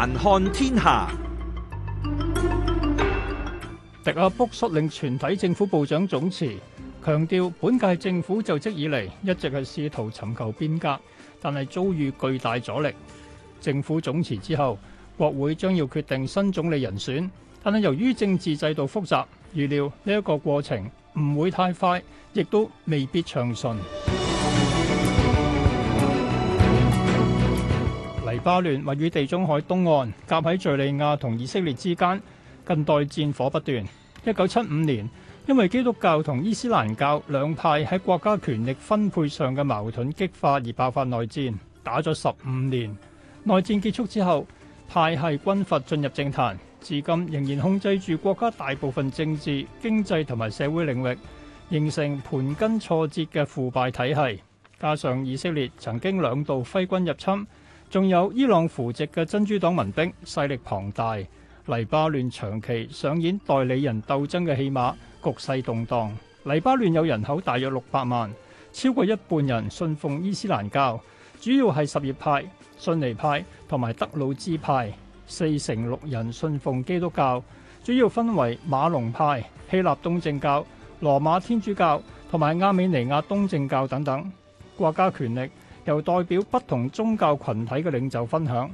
環看天下，迪亞卜率領全體政府部長總辭，強調本屆政府就職以嚟一直係試圖尋求變革，但係遭遇巨大阻力。政府總辭之後，國會將要決定新總理人選，但係由於政治制度複雜，預料呢一個過程唔會太快，亦都未必暢順。巴嫩位於地中海東岸，夾喺敘利亞同以色列之間，近代戰火不斷。一九七五年，因為基督教同伊斯蘭教兩派喺國家權力分配上嘅矛盾激化而爆發內戰，打咗十五年。內戰結束之後，派系軍閥進入政壇，至今仍然控制住國家大部分政治、經濟同埋社會領域，形成盤根錯節嘅腐敗體系。加上以色列曾經兩度揮軍入侵。仲有伊朗扶植嘅真主黨民兵，勢力龐大。黎巴嫩長期上演代理人鬥爭嘅戲碼，局勢動盪。黎巴嫩有人口大約六百萬，超過一半人信奉伊斯蘭教，主要係什葉派、遜尼派同埋德魯茲派，四成六人信奉基督教，主要分為馬龍派、希臘東正教、羅馬天主教同埋亞美尼亞東正教等等。國家權力。由代表不同宗教群體嘅領袖分享。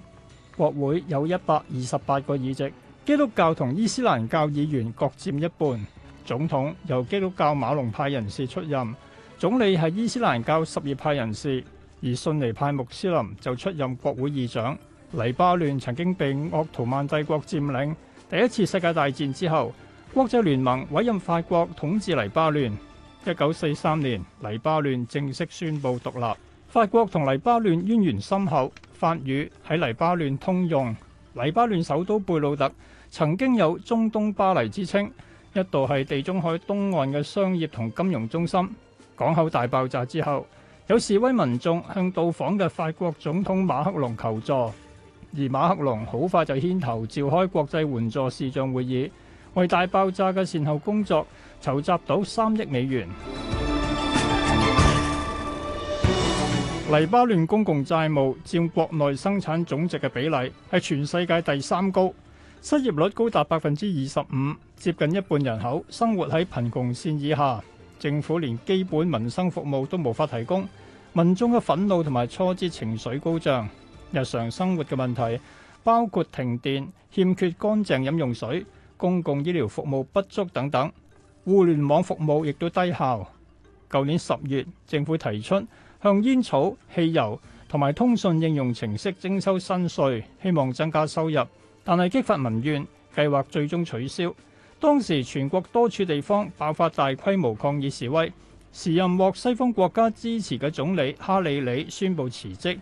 國會有一百二十八個議席，基督教同伊斯蘭教議員各佔一半。總統由基督教馬龍派人士出任，總理係伊斯蘭教什葉派人士，而遜尼派穆斯林就出任國會議長。黎巴嫩曾經被鄂圖曼帝國佔領。第一次世界大戰之後，國際聯盟委任法國統治黎巴嫩。一九四三年，黎巴嫩正式宣布獨立。法國同黎巴嫩淵源深厚，法語喺黎巴嫩通用。黎巴嫩首都貝魯特曾經有「中東巴黎」之稱，一度係地中海東岸嘅商業同金融中心。港口大爆炸之後，有示威民眾向到訪嘅法國總統馬克龍求助，而馬克龍好快就牽頭召開國際援助視像會議，為大爆炸嘅善後工作籌集到三億美元。黎巴嫩公共債務佔國內生產總值嘅比例係全世界第三高，失業率高達百分之二十五，接近一半人口生活喺貧窮線以下，政府連基本民生服務都無法提供，民眾嘅憤怒同埋挫折情緒高漲，日常生活嘅問題包括停電、欠缺乾淨飲用水、公共醫療服務不足等等，互聯網服務亦都低效。舊年十月，政府提出向煙草、汽油同埋通訊應用程式徵收新稅，希望增加收入，但係激發民怨，計劃最終取消。當時全國多處地方爆發大規模抗議示威，時任獲西方國家支持嘅總理哈里里宣布辭職。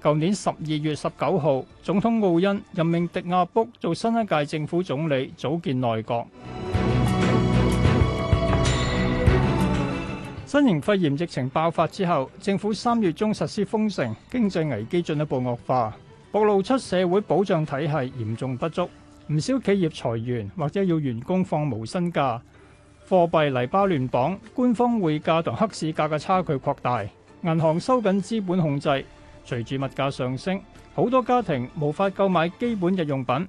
舊年十二月十九號，總統奧恩任命迪亞卜做新一屆政府總理，組建內閣。新型肺炎疫情爆發之後，政府三月中實施封城，經濟危機進一步惡化，暴露出社會保障體系嚴重不足。唔少企業裁員或者要員工放無薪假，貨幣黎巴嫩鎊，官方匯價同黑市價嘅差距擴大，銀行收緊資本控制。隨住物價上升，好多家庭無法購買基本日用品，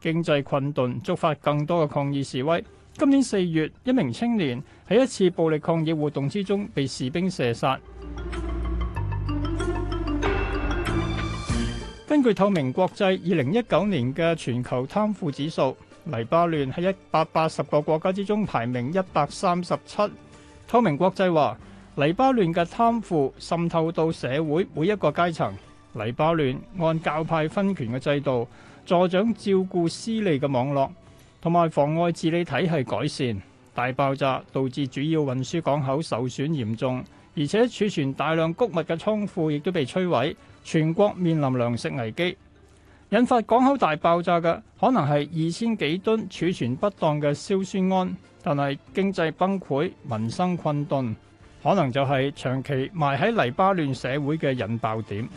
經濟困頓觸發更多嘅抗議示威。今年四月，一名青年喺一次暴力抗議活動之中被士兵射殺。根據透明國際二零一九年嘅全球貪腐指數，黎巴嫩喺一百八十個國家之中排名一百三十七。透明國際話，黎巴嫩嘅貪腐滲透到社會每一個階層。黎巴嫩按教派分權嘅制度，助長照顧私利嘅網絡。同埋妨礙治理體系改善，大爆炸導致主要運輸港口受損嚴重，而且儲存大量谷物嘅倉庫亦都被摧毀，全國面臨糧食危機。引發港口大爆炸嘅可能係二千幾噸儲存不當嘅硝酸銨，但係經濟崩潰、民生困頓，可能就係長期埋喺黎巴嫩社會嘅引爆點。